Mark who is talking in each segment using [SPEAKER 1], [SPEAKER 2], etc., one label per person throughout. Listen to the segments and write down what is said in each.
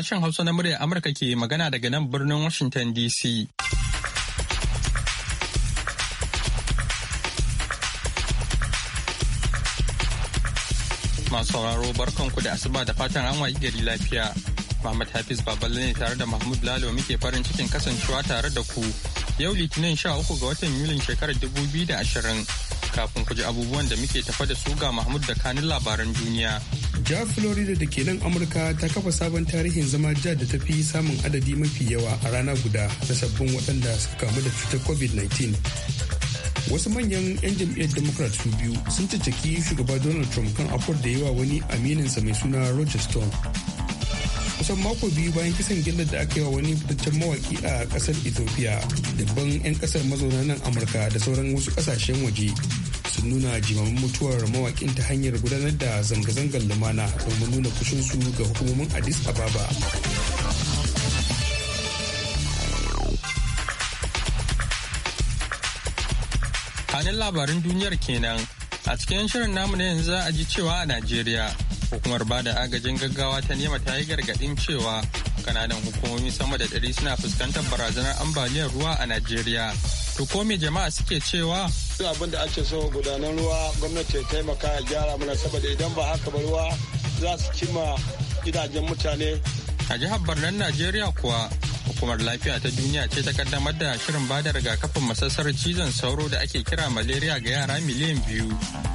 [SPEAKER 1] Sashen Hausa na muryar Amurka ke magana daga nan birnin Washington DC. Masu sauraro ku da asuba da fatan an wayi gari lafiya. Muhammad Hafiz Babal ne tare da Mahmud Lalo muke farin cikin kasancewa tare da ku. Yau Litinin sha uku ga watan Yulin shekarar dubu biyu da ashirin. Kafin ku ji abubuwan da muke tafa da su ga Mahmud da kanun labaran duniya.
[SPEAKER 2] jihar florida da ke nan amurka ta kafa sabon tarihin zama jihar da ta fi samun adadi mafi yawa a rana guda na sabbin waɗanda suka kamu da cutar covid-19 wasu manyan 'yan jam'iyyar democrat su biyu sun caccaki shugaba donald trump kan afuwar da yawa wani amininsa mai suna roger stone kusan mako biyu bayan kisan gillar da aka yi wa wani fitaccen mawaki a kasar ethiopia dabban 'yan kasar mazauna nan amurka da sauran wasu kasashen waje sun nuna jimamin mutuwar mawakin ta hanyar gudanar da zanga-zangar lumana domin nuna su ga
[SPEAKER 1] hukumomin addis ababa kanin labarin duniyar kenan a cikin shirin namu na yanzu za a ji cewa a najeriya hukumar ba da agajin gaggawa ta nema ta yi gargaɗin cewa kananan hukumomi sama da ɗari suna fuskantar barazanar ambaliyar ruwa a najeriya To ko me jama'a suke cewa?
[SPEAKER 3] Duk abin da ake so gudanar ruwa gwamnati ya taimaka ya gyara mana saboda idan ba haka ba ruwa za su cima
[SPEAKER 1] gidajen mutane. A jihar Barnan Najeriya kuwa Hukumar lafiya ta duniya ce ta kaddamar da shirin bada rigakafin masassar cizon sauro da ake kira malaria ga yara miliyan biyu.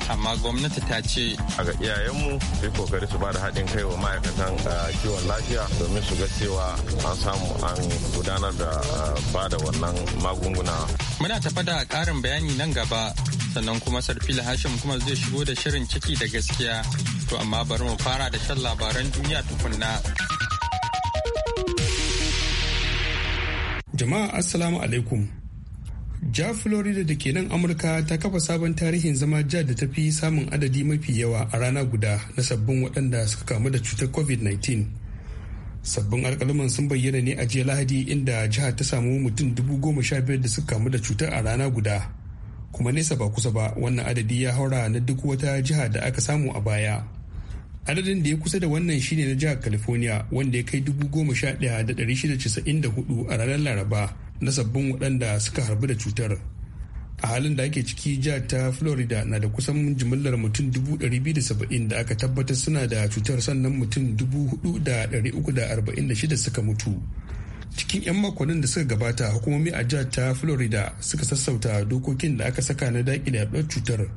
[SPEAKER 1] Amma gwamnati ta ce. A ga iyayenmu sai kokari su bada haɗin kai wa ma'aikatan
[SPEAKER 4] kiwon lafiya domin su ga cewa an samu an gudanar da bada wannan magunguna.
[SPEAKER 1] Muna tafa da ƙarin bayani nan gaba sannan kuma sarfila hashim kuma zai shigo da shirin ciki da gaskiya to amma bari mu fara da shan labaran duniya tukunna.
[SPEAKER 2] Jama'a Assalamu alaikum. Ja Florida da ke nan Amurka ta kafa sabon tarihin zama ja da ta fi samun adadi mafi yawa a rana guda na sabbin waɗanda suka kamu da cutar COVID-19. Sabbin alkalaman sun bayyana ne a jiya Lahadi inda jiha ta samu mutum dubu goma sha biyar da suka kamu da cutar a rana guda. Kuma nesa ba kusa ba wannan adadi ya haura na duk wata jiha da aka samu a baya. adadin da ya kusa da wannan shine na jihar california wanda ya kai 11,694 a ranar laraba na sabbin waɗanda suka harbu da cutar a halin da ake ciki jihar ta florida na da kusan jimillar mutum 270 da aka tabbatar suna da cutar sannan mutum 4,346 suka mutu cikin 'yan makonnin da suka gabata hukumomi a jihar ta florida suka sassauta dokokin da aka saka na daƙile yaduwar cutar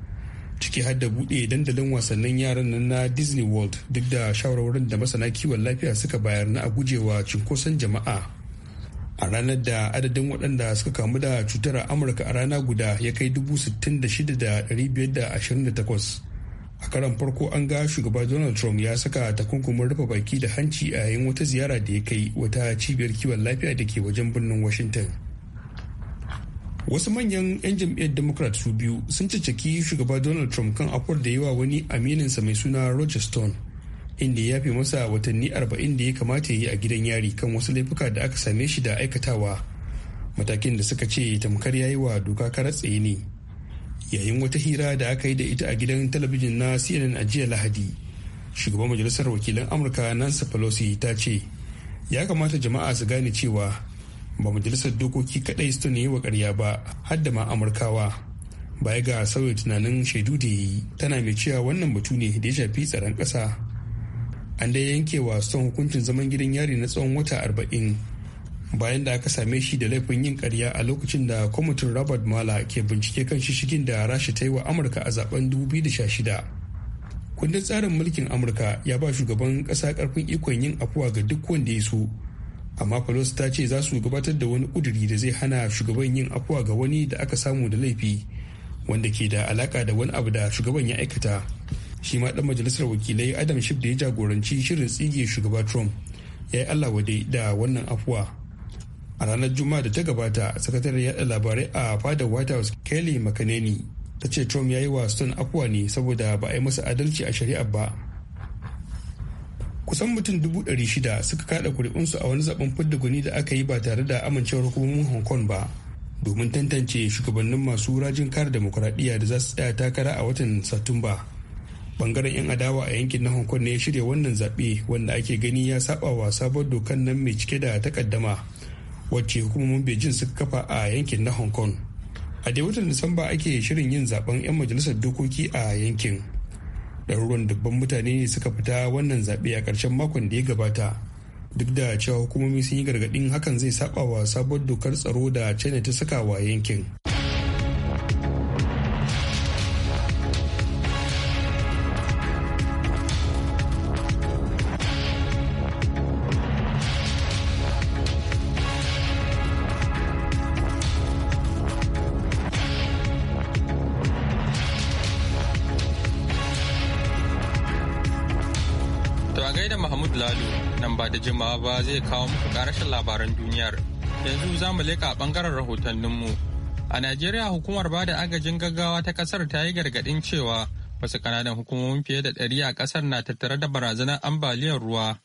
[SPEAKER 2] ciki har da buɗe dandalin wasannin yaran nan na disney world duk da shawarwarin da masana kiwon lafiya suka bayar na a gujewa cunkoson jama'a a ranar da adadin waɗanda suka kamu da cutar a amurka a rana guda ya kai takwas. a karan farko an ga shugaba donald trump ya saka takunkumin rufe baki da hanci a yayin wata ziyara da ya kai wata cibiyar kiwon lafiya da ke wajen birnin washington wasu manyan 'yan jam'iyyar democrat su biyu sun caccaki shugaba donald trump kan akwar da yawa wani amininsa mai suna roger stone inda ya fi masa watanni 40 da ya kamata ya yi a gidan yari kan wasu laifuka da aka same shi da aikatawa matakin da suka ce tamkar ya yi wa doka kara tsaye ne yayin wata hira da aka yi da ita a gidan talabijin na cnn a jiya lahadi shugaban majalisar wakilan amurka nancy pelosi ta ce ya kamata jama'a su gane cewa ba majalisar dokoki kadai su ne wa karya ba har da ma amurkawa baya ga sauya tunanin shaidu da yi tana mai cewa wannan batu ne da ya shafi tsaron ƙasa an dai yanke wa son hukuncin zaman gidan yari na tsawon wata arba'in bayan da aka same shi da laifin yin karya a lokacin da kwamitin robert mala ke bincike kan shishigin da rasha ta yi wa amurka a zaben 2016 kundin tsarin mulkin amurka ya ba shugaban ƙasa ƙarfin ikon yin afuwa ga duk wanda ya so amma pelosi ta ce za su gabatar da wani kuduri da zai hana shugaban yin afuwa ga wani da aka samu da laifi wanda ke da alaka da wani abu da shugaban ya aikata shi ma dan majalisar wakilai adam shif da ya jagoranci shirin tsige shugaba trump ya yi allah dai da wannan afuwa a ranar juma'a da ta gabata sakataren yada labarai a fada white house kelly makaneni ta ce trump ya yi wa stone afuwa ne saboda ba a yi masa adalci a shari'ar ba kusan mutum dubu ɗari shida suka kada kuri'unsu a wani zaben fidda gwani da aka yi ba tare da amincewar hukumomin hong kong ba domin tantance shugabannin masu rajin kare demokuraɗiyya da za su tsaya takara a watan satumba bangaren 'yan adawa a yankin na hong kong ne ya shirya wannan zaɓe wanda ake gani ya saba wa sabon dokan nan mai cike da takaddama wacce hukumomin beijing suka kafa a yankin na hong kong a dai watan disamba ake shirin yin zaben 'yan majalisar dokoki a yankin ɗaruruwan dubban mutane ne suka fita wannan zaɓe a ƙarshen makon da ya gabata duk da cewa hukumomi sun yi gargaɗin hakan zai saɓa wa sabuwar dokar tsaro da china ta saka wa yankin
[SPEAKER 1] ma ba zai kawo muku karashin labaran duniyar. Yanzu za mu leƙa ɓangaren rahotanninmu. A Najeriya hukumar bada agajin gaggawa ta ƙasar ta yi gargaɗin cewa wasu kananan hukumomin fiye da ɗari a ƙasar na tattare da barazanar ambaliyar ruwa.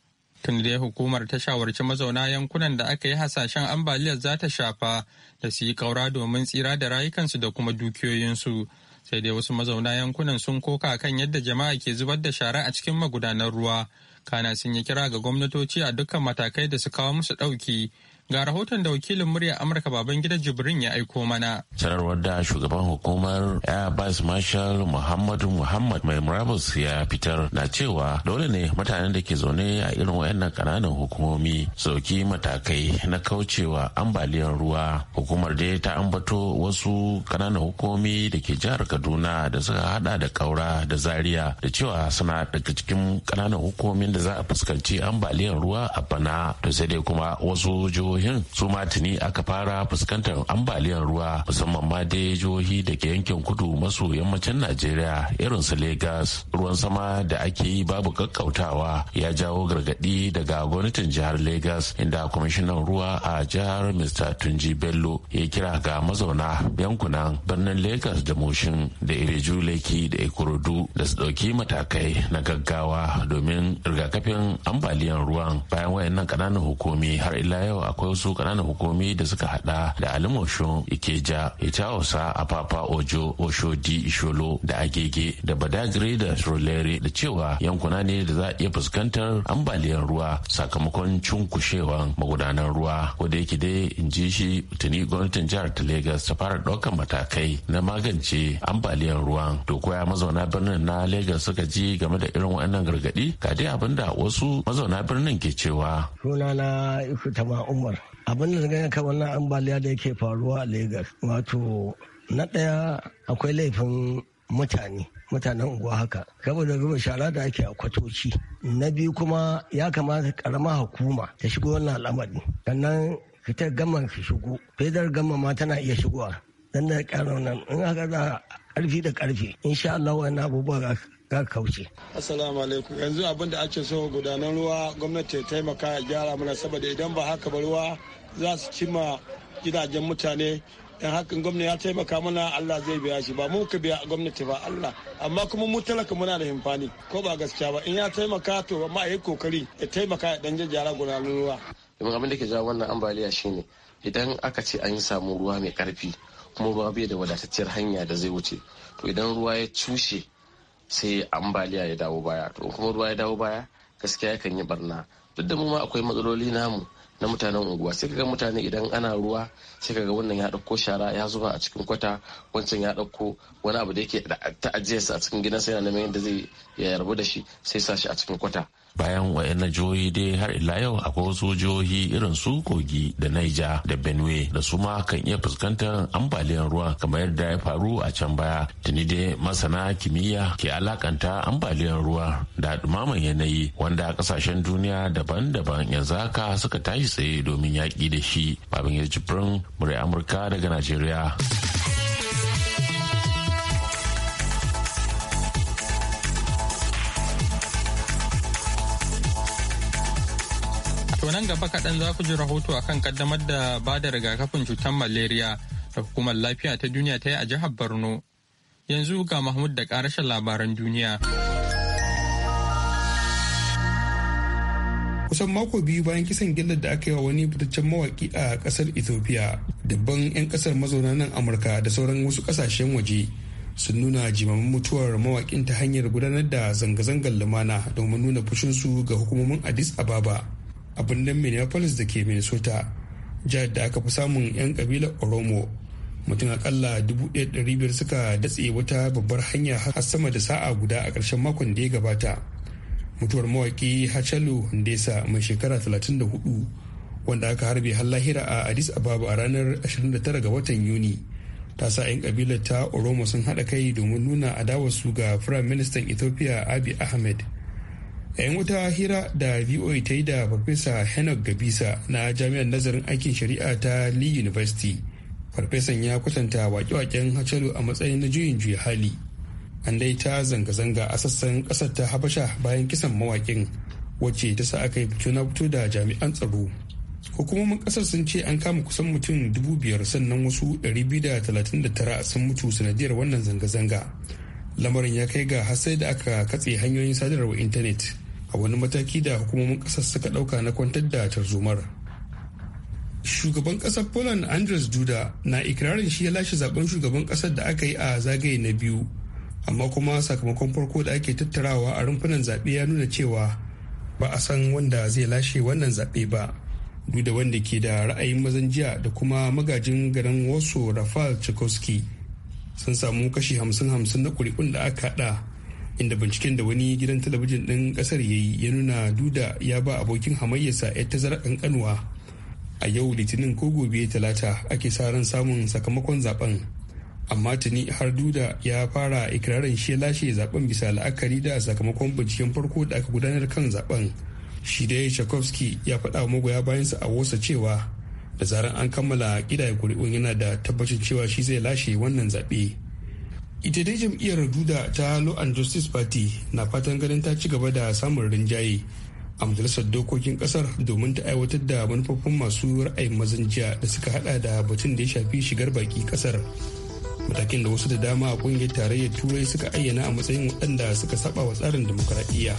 [SPEAKER 1] Tun dai hukumar ta shawarci mazauna yankunan da aka yi hasashen ambaliyar za ta shafa da su yi ƙaura domin tsira da rayukansu da kuma dukiyoyinsu. sai dai wasu mazauna yankunan sun koka kan yadda jama'a ke zubar da shara a cikin magudanar ruwa kana sun yi kira ga gwamnatoci a dukkan matakai da su kawo musu ɗauki Ga rahoton da wakilin murya Amurka baban Babangida Jibrin ya aiko mana.
[SPEAKER 4] Sanarwar da shugaban hukumar Airbus Marshal Muhammadu Muhammad mai murabus ya fitar na cewa dole ne mutanen da ke zaune a irin wayannan kananan hukumomi sauki matakai na kaucewa ambaliyar ruwa. Hukumar dai ta ambato wasu kananan hukumomi da ke jihar Kaduna da suka hada da Kaura da Zaria da cewa suna daga cikin kananan hukumomin da za a fuskanci ambaliyar ruwa a bana. To sai dai kuma wasu jihohi jihohin su tuni aka fara fuskantar ambaliyar ruwa musamman ma dai jihohi da ke yankin kudu maso yammacin najeriya irin su Legas. ruwan sama da ake yi babu kakkautawa ya jawo gargadi daga gwamnatin jihar Legas inda kwamishinan ruwa a jihar mr tunji bello ya kira ga mazauna yankunan birnin Legas da moshin da ireju leki da ikorodu da su ɗauki matakai na gaggawa domin rigakafin ambaliyar ruwan bayan wayannan ƙananan hukumi har ila yau akwai wasu ƙananan hukumi da suka hada da alim oshun ikeja itawusa afafa ojo oshodi isholo da agege da badagri da rolere da cewa yankuna ne da za a iya fuskantar ambaliyar ruwa sakamakon cunkushewan magudanan ruwa ko da yake dai in ji shi tuni gwamnatin jihar ta legas ta fara ɗaukar matakai na magance ambaliyar ruwan to koya mazauna birnin na legas suka ji game da irin wannan gargaɗi ga dai abinda wasu mazauna birnin ke cewa
[SPEAKER 3] sunana umar abin da gani kan wannan ambaliya da yake faruwa a Legas. wato na ɗaya akwai laifin mutane mutanen unguwa haka da zuba shara da ake a kwatoci na biyu kuma ya kamata karama hukuma ta shigo wannan al'amari sannan fitar gama su shigo fitar gama ma tana iya shigowa dan da ƙarar nan in haka za ƙarfi da karfi insha Allah wannan abubuwa ka kauce. Assalamu alaikum yanzu abin da ake so gudanar ruwa gwamnati ya taimaka ya gyara mana saboda idan ba haka ba ruwa za su cima gidajen mutane in hakan gwamnati ya taimaka mana Allah zai biya shi ba mu ka biya gwamnati ba Allah amma kuma mu talaka muna da himfani ko ba gaskiya ba in ya taimaka to ma yi kokari ya taimaka ya dan jajjara gudanar ruwa.
[SPEAKER 4] abin da ke jawo wannan ambaliya ne idan aka ce an yi samu ruwa mai karfi kuma ba bai da wadatacciyar hanya da zai wuce to idan ruwa ya cushe sai ambaliya ya dawo baya to kuma ruwa ya dawo baya gaskiya yakan yi barna duk da mu ma akwai matsaloli namu na mutanen unguwa sai kaga mutane idan ana ruwa sai kaga wannan ya dauko shara ya zuba a cikin kwata wancan ya dauko wani abu da yake ta ajiyarsa a cikin gidansa yana neman yadda zai ya yarbu da shi sai sa shi a cikin kwata bayan wayannan jihohi dai har ila yau akwai wasu jihohi irin su kogi da naija da benue da su ma kan iya fuskantar ambaliyar ruwa kamar yadda ya faru a can baya tuni dai masana kimiyya ke alakanta ambaliyar ruwa da dumaman yanayi wanda kasashen duniya daban-daban yanzu haka suka tashi tsaye domin yaƙi da shi babin ya jibrin murai amurka daga najeriya
[SPEAKER 1] To nan gaba kaɗan za ku ji rahoto akan kaddamar da ba da rigakafin cutar malaria da hukumar lafiya ta duniya ta yi a jihar Borno. Yanzu ga Mahmud da ƙarashin labaran duniya.
[SPEAKER 2] kusan mako biyu bayan kisan gillar da aka yi wa wani fitaccen mawaki a kasar ethiopia dabban 'yan kasar mazauna nan amurka da sauran wasu kasashen waje sun nuna jimamin mutuwar mawakin ta hanyar gudanar da zanga-zangar lumana domin nuna fushinsu ga hukumomin addis ababa a birnin minneapolis da ke minnesota jihar da aka fi samun 'yan kabilar oromo mutum akalla 1,500 suka datse wata babbar hanya har sama da sa'a guda a ƙarshen makon da ya gabata mutuwar mawaki hachalu ndesa mai shekara 34 wanda aka harbe har lahira a addis ababa a ranar 29 ga watan yuni ta sa 'yan kabilar ta oromo sun haɗa kai domin nuna adawarsu ga firayim ministan ethiopia abi ahmed 'yan wuta hira da voa ta yi da farfesa henok gabisa na jami'ar nazarin aikin shari'a ta lee university farfesan ya kwatanta waƙe-waƙen hacalu a matsayin na juyin juya hali an dai ta zanga-zanga a sassan kasar ta habasha bayan kisan mawakin wacce ta sa aka yi fito na fito da jami'an tsaro hukumomin kasar sun ce an kama kusan mutum dubu biyar sannan wasu ɗari biyu da da talatin tara sun mutu sanadiyar wannan zanga-zanga lamarin ya kai ga har sai da aka katse hanyoyin sadarwar intanet a wani mataki da hukumomin kasar suka dauka na kwantar da tarzomar shugaban kasar poland andres duda na ikirarin shi ya lashe zaben shugaban kasar da aka yi a zagaye na biyu amma kuma sakamakon farko da ake tattarawa a rumfunan zaɓe ya nuna cewa ba a san wanda zai lashe wannan zaɓe ba duda wanda ke da ra'ayin mazan jiya da kuma magajin garin wasu rafael chikowski sun samu kashi hamsin hamsin na kuri'un da aka haɗa inda binciken da wani gidan talabijin ɗin ƙasar ya yi ya nuna duda ya ba abokin hamayyarsa 'yar tazara ƙanƙanuwa a yau litinin ko gobe talata ake sa ran samun sakamakon zaben amma tuni har duda ya fara ikirarin shi lashe zaben bisa la'akari da sakamakon binciken farko da aka gudanar kan zaben shi dai ya ya faɗa magoya bayansa a wasa cewa da zaran an kammala ƙidaya kuri'un yana da tabbacin cewa shi zai lashe wannan zaɓe. ita dai jam'iyyar duda ta law and justice party na fatan ganin ta ci gaba da samun rinjaye a majalisar dokokin kasar domin ta aiwatar da manufofin masu ra'ayin mazan jiya da suka hada da batun da ya shafi shigar baki kasar matakin da wasu da dama a kungiyar tarayyar turai suka ayyana a matsayin waɗanda suka saba wa tsarin dimokuraɗiyya.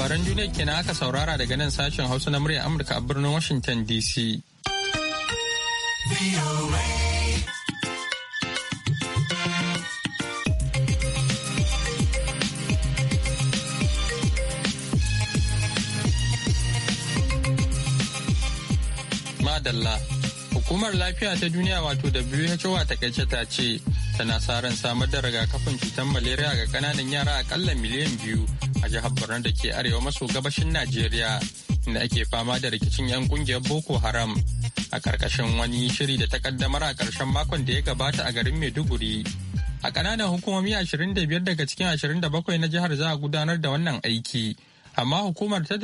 [SPEAKER 1] labaran duniya kenan aka saurara daga nan sashen hausa na murya amurka a birnin washington dc madalla hukumar lafiya ta duniya wato who a takaice ta ce tana sa ran samar da rigakafin cutar malaria ga kananan yara akalla miliyan biyu a jihar borno da ke arewa maso gabashin najeriya inda ake fama da rikicin 'yan kungiyar boko haram a karkashin wani shiri da ta kaddamar a karshen makon da ya gabata a garin maiduguri a kananan hukumomi 25 daga cikin bakwai na jihar za a gudanar da wannan aiki amma hukumar ta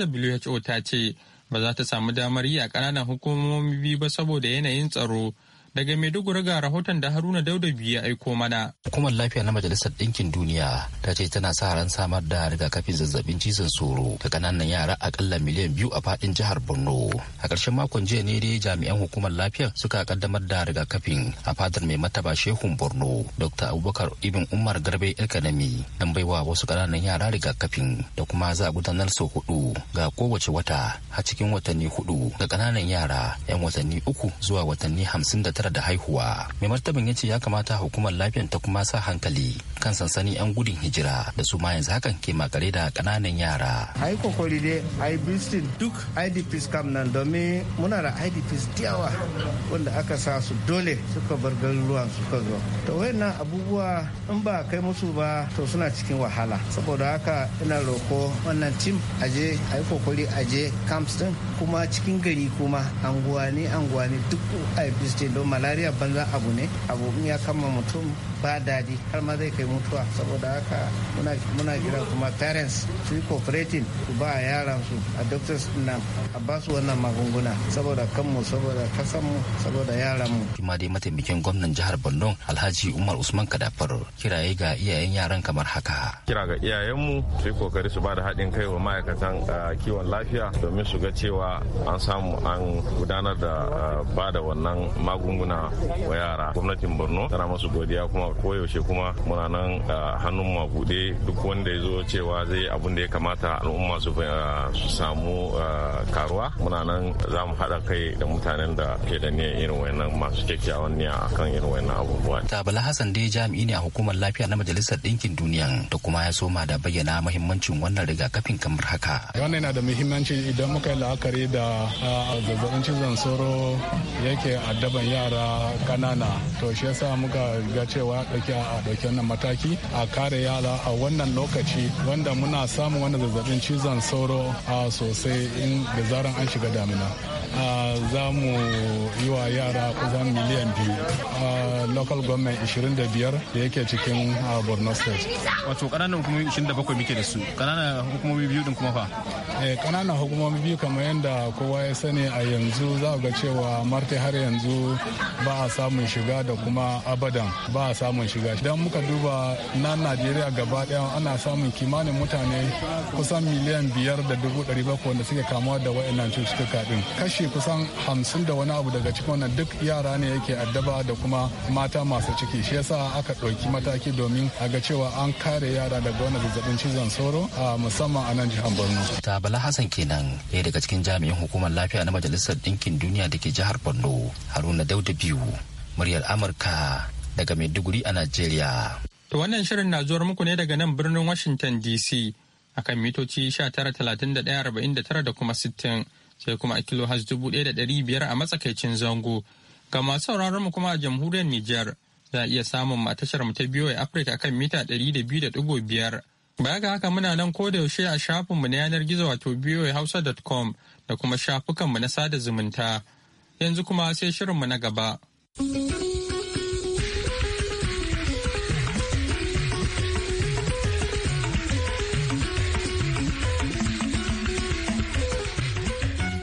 [SPEAKER 1] who ta ce ba za ta samu damar yi a kananan hukumomi biyu ba saboda yanayin tsaro Daga Maiduguri ga rahoton da Haruna Dauda biyu ya aiko mana.
[SPEAKER 5] Hukumar lafiya na Majalisar Ɗinkin Duniya ta ce tana sa ran samar da rigakafin zazzabin cizon sauro ga ƙananan yara akalla miliyan biyu a faɗin jihar Borno. A ƙarshen makon jiya ne dai jami'an hukumar lafiya suka kaddamar da rigakafin a fadar mai mataba Shehun Borno Dr. Abubakar Ibn Umar Garbe Ilkanami, don baiwa wasu ƙananan yara rigakafin da kuma za a gudanar sau hudu ga kowace wata har cikin watanni hudu ga kananan yara 'yan watanni uku zuwa watanni hamsin da tara tara da haihuwa mai martaban ya ce ya kamata hukumar lafiyar ta kuma sa hankali kan sansani yan gudun hijira da su ma yanzu hakan ke makare da kananan yara
[SPEAKER 3] ai kokori dai ai bistin duk idps kam nan domin muna da idps yawa wanda aka sa su dole suka bar garuruwan suka zo to wayannan abubuwa in ba kai musu ba to suna cikin wahala saboda haka ina roko wannan tim aje ai kokori aje camps din kuma cikin gari kuma anguwani anguwani duk idps don malaria banza abu ne abu ya kama mutum ba daɗi har ma zai kai mutuwa saboda haka muna kira kuma parents su yi cooperating su ba a yaran su a doctors nan a ba su wannan magunguna saboda kanmu saboda kasanmu saboda yaran mu
[SPEAKER 5] kuma dai mataimakin gwamnan jihar Borno Alhaji Umar Usman Kadafar kiraye ga iyayen yaran kamar
[SPEAKER 4] haka kira ga iyayenmu su yi kokari su ba da haɗin kai wa ma'aikatan kiwon lafiya domin su ga cewa an samu an gudanar da ba da wannan magunguna na wa yara gwamnatin borno tana masu godiya kuma koyaushe kuma muna nan hannun mabuɗe duk wanda ya zo cewa zai abin da ya kamata al'umma su samu karuwa muna nan za mu haɗa kai da mutanen da ke da niyan irin wannan masu kyakkyawan niyya kan irin wannan abubuwa.
[SPEAKER 5] Tabala Hassan dai jami'i ne a hukumar lafiya na Majalisar Ɗinkin Duniya da kuma ya soma da bayyana mahimmancin wannan rigakafin kamar haka.
[SPEAKER 6] Wannan yana da muhimmanci idan muka yi la'akari da zazzabin cizon sauro yake addaban yara yara kanana to shi yasa muka ga cewa ɗauki a ɗauki wannan mataki a kare yara a wannan lokaci wanda muna samun wani zazzabin cizon sauro a sosai in da zaran an shiga damina za mu yi wa yara kusan miliyan biyu a local government 25 da yake cikin borno state
[SPEAKER 5] wato kananan hukumomi 27 muke da su kananan hukumomi biyu din kuma fa
[SPEAKER 6] kananan eh, hukumomi biyu kamar yadda kowa ya sani a yanzu za ga cewa marti har yanzu ba a samun shiga da kuma abadan ba a samun shiga idan muka duba na najeriya gaba daya ana samun kimanin mutane kusan miliyan biyar da dubu ɗari bakwai wanda suke kamuwa da wa'annan cututtuka din kashi kusan hamsin da wani abu daga cikin wannan duk yara ne yake addaba da kuma mata masu ciki shi yasa aka ɗauki mataki domin a ga cewa an kare yara daga wani zazzabin cizon sauro a musamman a nan jihar borno ta bala hassan kenan ɗaya
[SPEAKER 5] daga cikin jami'in hukumar lafiya na majalisar ɗinkin duniya da ke jihar borno haruna daud biyu muryar Amurka daga Maiduguri a Najeriya.
[SPEAKER 1] To wannan shirin na zuwar muku ne daga nan birnin Washington DC a kan mitoci talatin da kuma sittin, sai kuma a kilo has 1,500 a matsakaicin zango. Ga masu sauraron mu kuma a jamhuriyar Nijar za a iya samun mu a tashar mu ta a Afirka akan mita da da biyu biyar. Baya ga haka muna nan ko da yaushe a shafinmu na yanar gizo wato Hausa.com da kuma shafukanmu na sada zumunta. yanzu kuma sai shirinmu na gaba.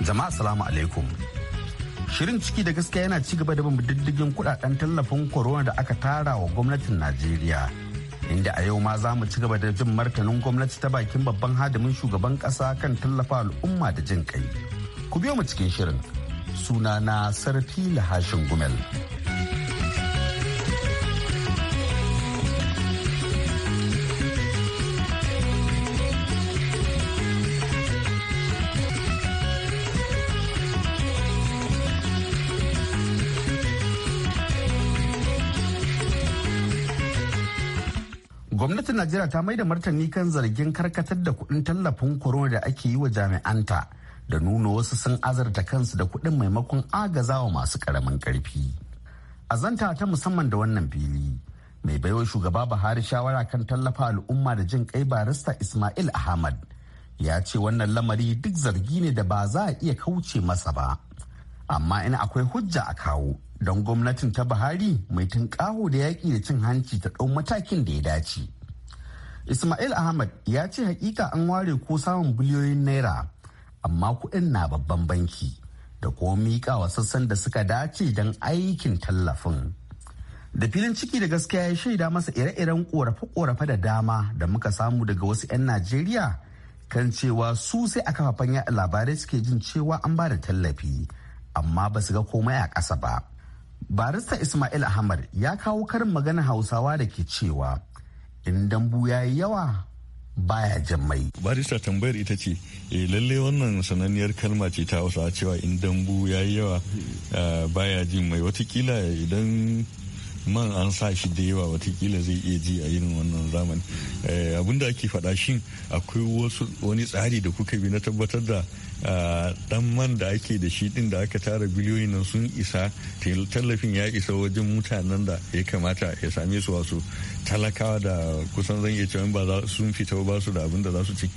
[SPEAKER 7] Jama'a salamu alaikum. Shirin ciki da gaskiya yana ci gaba da bin diddigin kudaden tallafin korona da aka tara wa gwamnatin Najeriya. Inda a yau ma za mu ci gaba da jin martanin gwamnati ta bakin babban hadimin shugaban kasa kan tallafa al'umma da jin kai. Ku biyo mu cikin shirin. sunana sarfi lahashin gumel. gwamnatin najeriya ta mai da martani kan zargin karkatar da kuɗin tallafin korona da ake yi wa jami'anta da nuna wasu sun azarta kansu da kuɗin maimakon agazawa masu ƙaramin ƙarfi. A zanta ta musamman da wannan fili, mai baiwa shugaba Buhari shawara kan tallafa al'umma da jin kai barista Ismail Ahmad ya ce wannan lamari duk zargi ne da ba za a iya kauce masa ba. Amma ina akwai hujja a kawo don gwamnatin ta Buhari mai tunƙaho da yaƙi da cin hanci ta ɗau matakin da ya dace. Ismail Ahmad ya ce hakika an ware ko samun biliyoyin naira amma kuɗin na babban banki da kuma miƙa wa sassan da suka dace don aikin tallafin. Da filin ciki da gaskiya ya shaida masa ire-iren ƙorafe-ƙorafe da dama da muka samu daga wasu 'yan Najeriya kan cewa su sai a kafafen yaɗa labarai suke jin cewa an ba da tallafi amma ba su ga komai a ƙasa ba. Barista Ismail Ahmad ya kawo karin magana Hausawa da ke cewa in dambu ya yi yawa
[SPEAKER 8] baya jan mai. Barista tambayar ita ce, e, lalle wannan sananniyar kalma ce ta hausa cewa in dambu ya yi yawa eh, baya jin mai watakila idan man an sa shi da yawa watakila zai iya ji a yin wannan zamani eh, abinda ake faɗa shi akwai wasu wani tsari da kuka bi na tabbatar da dan ah, man da ake da shi din da aka tara biliyoyin nan sun isa tallafin ya isa wajen mutanen da ya kamata ya same su wasu talakawa da kusan zan iya cewa ba sun fita ba su da abin da za su ci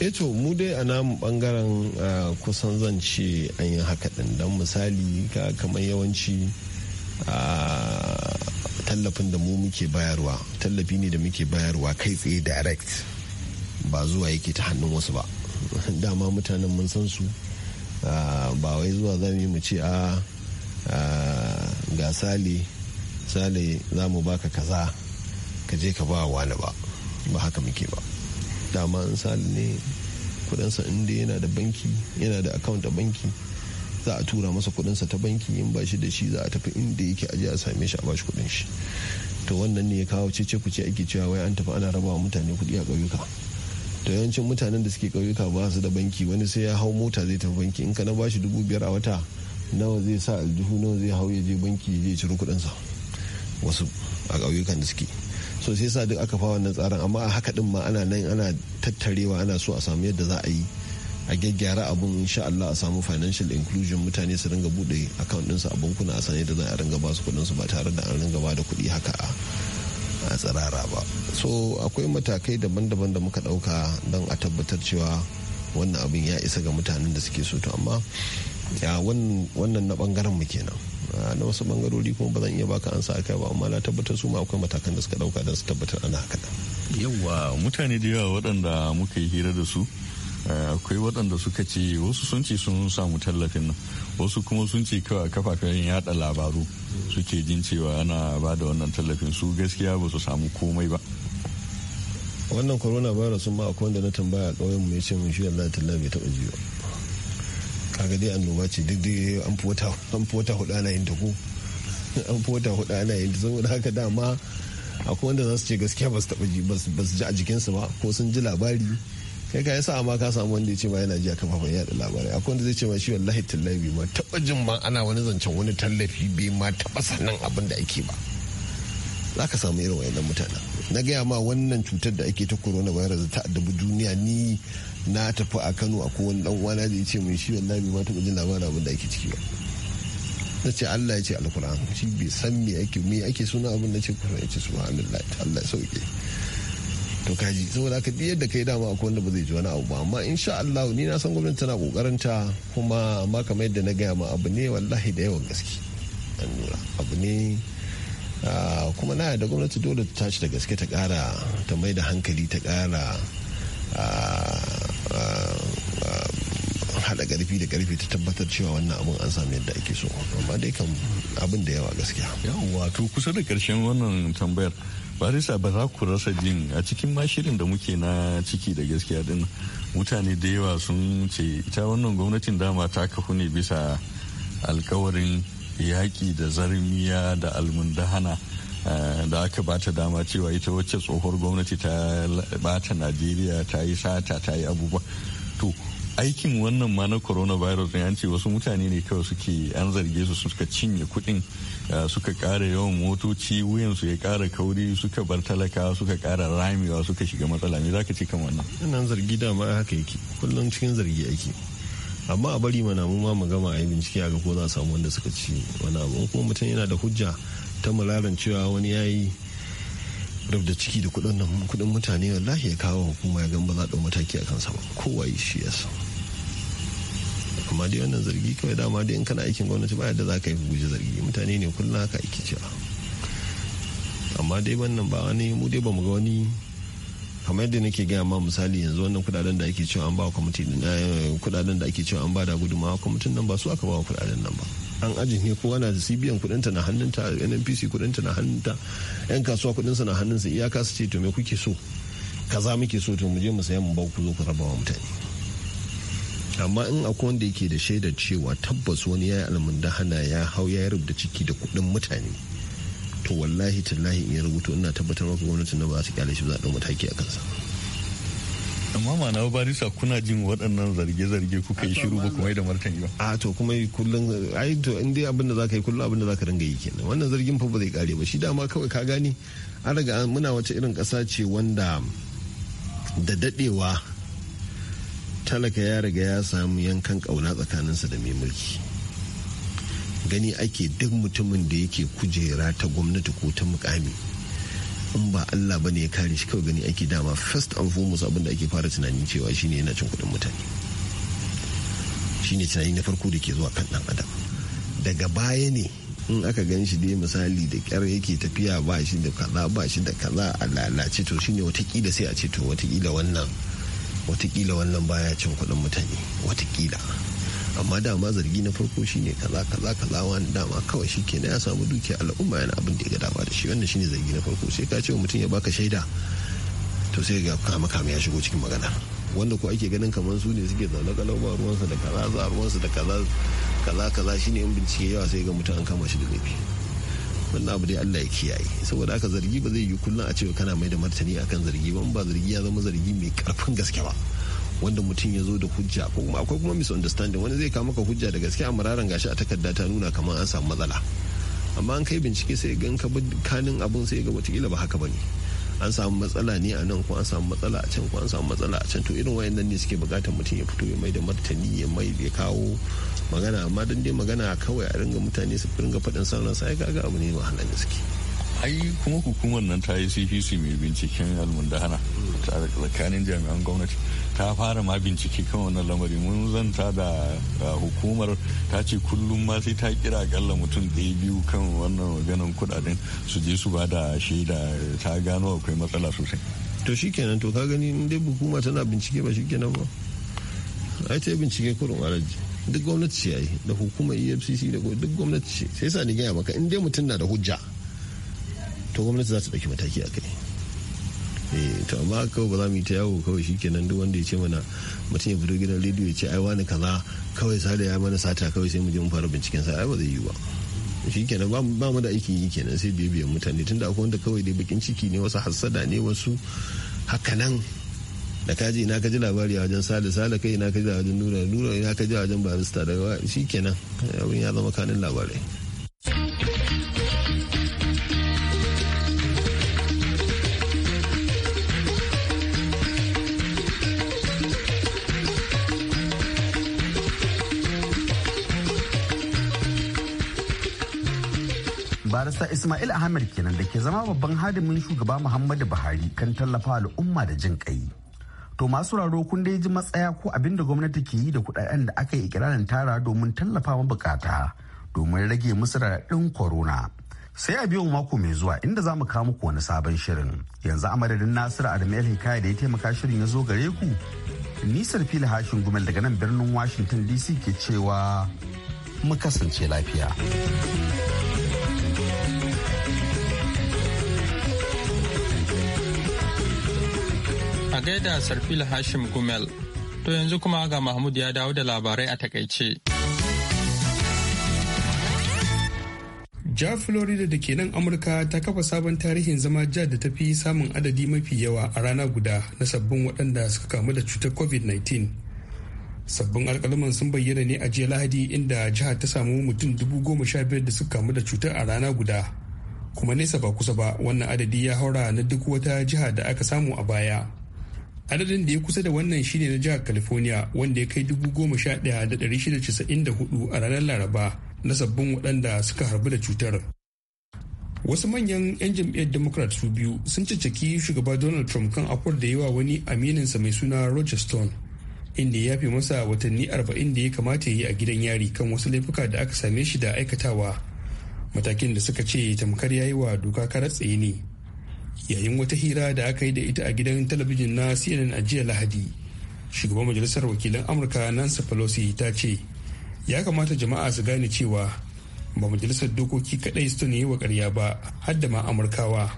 [SPEAKER 8] eto eh mu dai a namu bangaren ah,
[SPEAKER 3] kusan zan ce an yi haka din don misali kamar yawanci tallafin da mu muke bayarwa tallafi ne da muke bayarwa kai tsaye direct ba zuwa yake ta hannun wasu ba dama mutanen mun san su ba wai zuwa za mu ce a ga sale sale za mu baka kaza ka je ka ba wa wani ba ba haka muke ba dama in sale ne kudansa inda yana da banki yana da account a banki za a tura masa sa ta banki in ba shi da shi za a tafi inda yake aje a same shi a bashi kuɗin shi to wannan ne ya kawo cece kuce ake cewa wai an tafi ana rabawa mutane kudi a ƙauyuka to yawancin mutanen da suke ƙauyuka ba su da banki wani sai ya hau mota zai tafi banki in ka na bashi dubu biyar a wata nawa zai sa aljihu nawa zai hau ya je banki ya je ciro sa wasu a ƙauyukan da suke so sai sa duk aka fa wannan tsarin amma a haka din ma ana nan ana tattarewa ana so a samu yadda za a yi a gyaggyara abun insha Allah a samu financial inclusion mutane su ringa bude account ɗinsu a bankuna a sanye da zan a ringa basu kuɗin su ba tare da an ringa bada kuɗi haka a tsirara ba so akwai matakai daban-daban da muka ɗauka don a tabbatar cewa wannan abin ya isa ga mutanen da suke so to amma wannan na bangaren mu kenan na wasu bangarori kuma ba zan iya baka ansa a kai ba amma na tabbatar su ma akwai matakan da suka ɗauka don su tabbatar ana haka
[SPEAKER 8] yawa mutane da yawa waɗanda muka yi hira da su Eh, akwai waɗanda suka ce wasu sun ce sun samu tallafin nan wasu kuma sun ce kawai kafafen yada labaru suke jin cewa ana ba da wannan tallafin su gaskiya ba su samu komai ba
[SPEAKER 3] wannan corona virus ma akwai wanda na tambaya ƙauyen mai ce mun shi Allah talla bai taɓa jiwa kaga dai annoba ce duk dai an fi wata an fi wata hudu ana yin ta ko an fi wata hudu ana yin ta saboda haka dama akwai wanda za su ce gaskiya ba su taɓa ji ba su ji a jikinsu ba ko sun ji labari kai ka yasa amma ka samu wanda ya ce ma yana ji a kafafen yada labarai akwai wanda zai ce ma shi wallahi tallafi bai ma taba jin ma ana wani zancen wani tallafi bai ma taba sanin abin da ake ba za ka samu irin wayannan mutanen na gaya ma wannan cutar da ake ta coronavirus ta addabi duniya ni na tafi a kano a kowane dan uwana da ya ce mai shi wallahi bai ma taba jin labarin abin da ake ciki ba na ce Allah ya ce alkur'an shi bai san me ake me ake suna abin da ce kuma ya ce subhanallah Allah ya sauke to kaji saboda haka duk yadda kai dama akwai wanda ba zai ji wani abu ba amma insha Allah ni na san gwamnati tana kokarin ta kuma amma kamar yadda na gaya ma abu ne wallahi da yawan gaske an abu ne kuma na da gwamnati dole ta tashi da gaske ta kara ta mai da hankali ta kara hada
[SPEAKER 8] karfi da karfi ta tabbatar cewa wannan abun an samu yadda ake so amma dai kan abin da yawa gaskiya yawa to kusa da karshen wannan tambayar barisa ba za ku rasa jin a cikin mashirin da muke na ciki da gaskiya din mutane da yawa sun ce ita wannan gwamnatin dama ta kafu ne bisa alkawarin yaƙi da zarmiya da almundahana eh, da aka bata dama cewa ita wacce tsohuwar gwamnati ta bata najeriya ta yi sata ta yi abubuwa to aikin wannan ma na coronavirus ne an ce wasu mutane ne kawai suke an zarge su suka cinye kuɗin eh, suka kara yawan motoci wuyansu ya kara kauri suka bar talaka suka kara ramewa suka shiga matsala za zaka ce kan nan
[SPEAKER 3] nan zargi dama haka yake kullum cikin zargi ake amma a bari mana mu ma mu gama a yi bincike a ga ko za a samu wanda suka ci wani abu kuma mutum yana da hujja ta mularan cewa wani ya yi rabda ciki da kudin nan kudin mutane wallahi ya kawo hukuma ya gan ba za mataki a kansa ba kowa yi shi ya san amma dai wannan zargi kawai dama dai in kana aikin gwamnati ba yadda za ka yi guji zargi mutane ne kullum haka aiki cewa amma dai wannan ba wani mu dai bamu ga wani kamar yadda nake gaya ma misali yanzu wannan kudaden da ake cewa an ba wa eh, kudaden kwamitin nan ba su aka ba kudaden nan ba an ajiye ne kowa na da cbn kudinta na hannunta nnpc kudinta na hannunta yan kasuwa kudinsa na hannunsa iyaka su ce to me kuke so kaza muke so to mu je mu saya mu ba ku zo ku raba wa mutane amma in akwai wanda yake da shaidar cewa tabbas wani ya yi hana ya hau ya rubuta ciki da kudin mutane to wallahi tallahi in ya rubuta ina tabbatar maka gwamnatin na ba su kyale shi za a mataki a kansa.
[SPEAKER 8] amma ma na barisa kuna jin waɗannan zarge-zarge kuka yi shiru ba kuma yi da martani ba
[SPEAKER 3] a to kuma kullum ai to inda dai abin da zaka yi kullum abin da zaka ringa yi kenan wannan zargin fa ba zai kare ba shi dama kawai ka gani an riga muna wata irin ƙasa ce wanda da dadewa talaka ya riga ya samu yankan kauna tsakaninsa da mai mulki gani ake duk mutumin da yake kujera ta gwamnati ko ta mukami in ba Allah bane ya kare shi kawai gani ake dama first and foremost abinda ake fara tunani cewa shine yana cin kuɗin mutane shine tunani na farko da ke zuwa kan dan adam daga baya ne in aka gan shi dai misali da kyar yake tafiya ba shi da kaza ba shi da kaza a lalace to shine watakila sai a ce to watakila wannan watakila wannan baya cin kuɗin mutane watakila amma dama zargi na farko shine kaza kaza kaza wani dama kawai shi kenan ya samu dukiya al'umma yana abin da ya ga dama da shi wannan shine zargi na farko sai ka ce wa mutum ya baka shaida to sai ga kama kama ya shigo cikin magana wanda ko ake ganin kamar su ne suke zaune kalau ruwansa da kaza za ruwansa da kaza kaza kaza shine in bincike yawa sai ga mutum an kama shi da laifi wannan abu dai Allah ya kiyaye saboda haka zargi ba zai yi kullum a cewa kana mai da martani akan zargi ba ba zargi ya zama zargi mai karfin gaske ba wanda mutum ya zo da hujja ko kuma akwai kuma misunderstanding wani zai kawo maka hujja da gaske a muraren gashi a takarda ta nuna kamar an samu matsala amma an kai bincike sai gan ka kanin abun sai ga watakila ba haka bane an samu matsala ne a nan ko an samu matsala a can ko an samu matsala a can to irin wayannan ne suke bukatar mutum ya fito ya mai da martani ya mai ya kawo magana amma dan dai magana kawai a ringa mutane su ringa faɗin sauran sai kaga abu ne
[SPEAKER 8] wahalar gaske ai kuma hukumar nan ta yi cpc mai binciken almundahana tare tsakanin jami'an gwamnati ta fara ma bincike kan wannan lamari mun zanta da hukumar ta ce kullum ma sai ta kira akalla mutum ɗaya biyu kan wannan maganan kudaden su je su ba da shaida ta gano akwai matsala sosai to shikenan
[SPEAKER 3] to ka gani in dai hukuma tana bincike ba shikenan ba ai ta bincike kurun alaji duk gwamnati ce yayi da hukumar efcc da duk gwamnati ce sai sa ni gaya maka in dai mutum na da hujja to gwamnati za su ɗauki mataki a kai eh, to amma kawai ba za mu yi ta yawo kawai shikenan duk wanda ya ce mana mutum ya fito gidan rediyo ya ce ai wani kaza kawai sada ya mana sata kawai sai mu je mu fara binciken sa ai ba zai yi ba shikenan ba ba mu da aikin yi kenan sai biye biyan mutane tunda akwai wanda kawai dai bakin ciki ne wasu hassada ne wasu hakanan da kaji ina ka ji labari a wajen sale sale kai ina ka ji a wajen nura nura ina ka ji a wajen barista daga shikenan abin ya zama kanin labarai
[SPEAKER 7] barista Ismail Ahmed kenan da ke zama babban hadimin shugaba Muhammadu Buhari kan tallafa al'umma da jin kai. To masu raro kun dai ji matsaya ko abin da gwamnati ke yi da kuɗaɗen da aka yi ikirarin tara domin tallafa mabukata domin rage musu raɗaɗin korona sai a biyan mako mai zuwa inda za mu kawo muku wani sabon shirin yanzu a madadin nasiru adamuel hikaya da ya taimaka shirin ya zo gare ku nisar fili hashin gumel daga nan birnin washington dc ke cewa mu kasance lafiya
[SPEAKER 1] A gaida Sarfil Hashim Gumel, to yanzu kuma ga Mahmud ya dawo da labarai a takaice. Ja
[SPEAKER 2] Florida da ke nan Amurka ta kafa sabon tarihin zama ja da ta fi samun adadi mafi yawa a rana guda na sabbin waɗanda suka kamu da cutar COVID-19. Sabbin alkalaman sun bayyana ne a jiya Lahadi inda jihar ta samu mutum dubu goma sha biyar da suka kamu da cutar a rana guda. Kuma nesa ba kusa ba wannan adadi ya haura na duk wata jiha da aka samu a baya. adadin da ya kusa da wannan shine na jihar california wanda ya kai dubu goma sha ɗaya da ɗari a ranar laraba na sabbin waɗanda suka harbu da cutar wasu manyan 'yan jam'iyyar democrat su biyu sun caccaki shugaba donald trump kan afuwar da yawa wani amininsa mai suna roger stone inda ya fi masa watanni 40 da ya kamata ya yi a gidan yari kan wasu laifuka da aka same shi da aikatawa matakin da suka ce tamkar ya yi wa doka kara tsaye ne yayin wata hira da aka yi da ita a gidan talabijin na cnn a jiya lahadi shugaban majalisar wakilan amurka nancy pelosi ta ce ya kamata jama'a su gane cewa ba majalisar dokoki kadai su ne wa karya ba har da ma amurkawa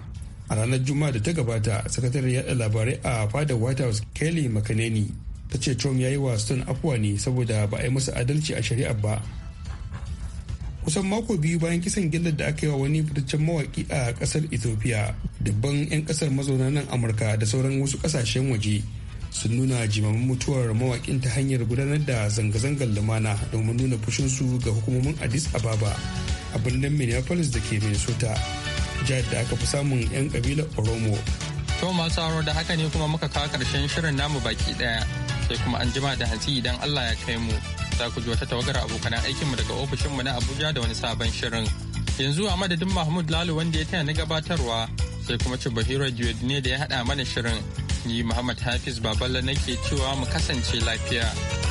[SPEAKER 2] a ranar juma'a da ta gabata sakataren yada labarai a fada white house kelly makaneni ta ce trump ya yi wa stone afuwa ne saboda ba a yi masa adalci a shari'ar ba kusan mako biyu bayan kisan gillar da aka yi wa wani fitaccen mawaki a kasar ethiopia dubban 'yan kasar mazauna nan amurka da sauran wasu kasashen waje sun nuna jimamin mutuwar mawakin ta hanyar gudanar da zanga-zangar lumana domin nuna fushinsu ga hukumomin addis ababa a birnin minneapolis da ke minnesota jihar da aka fi samun 'yan kabilar oromo
[SPEAKER 1] to masu haro da haka ne kuma muka kawo karshen shirin namu baki daya sai kuma an jima da hantsi idan allah ya kai mu za ku ji wata tawagar abokan aikinmu daga ofishinmu na Abuja da wani sabon shirin. Yanzu a madadin Mahmud Lalo wanda ya taya na gabatarwa sai kuma ci Bahira ne da ya haɗa mana shirin. Ni Muhammad Hafiz Baballa nake cewa mu kasance lafiya.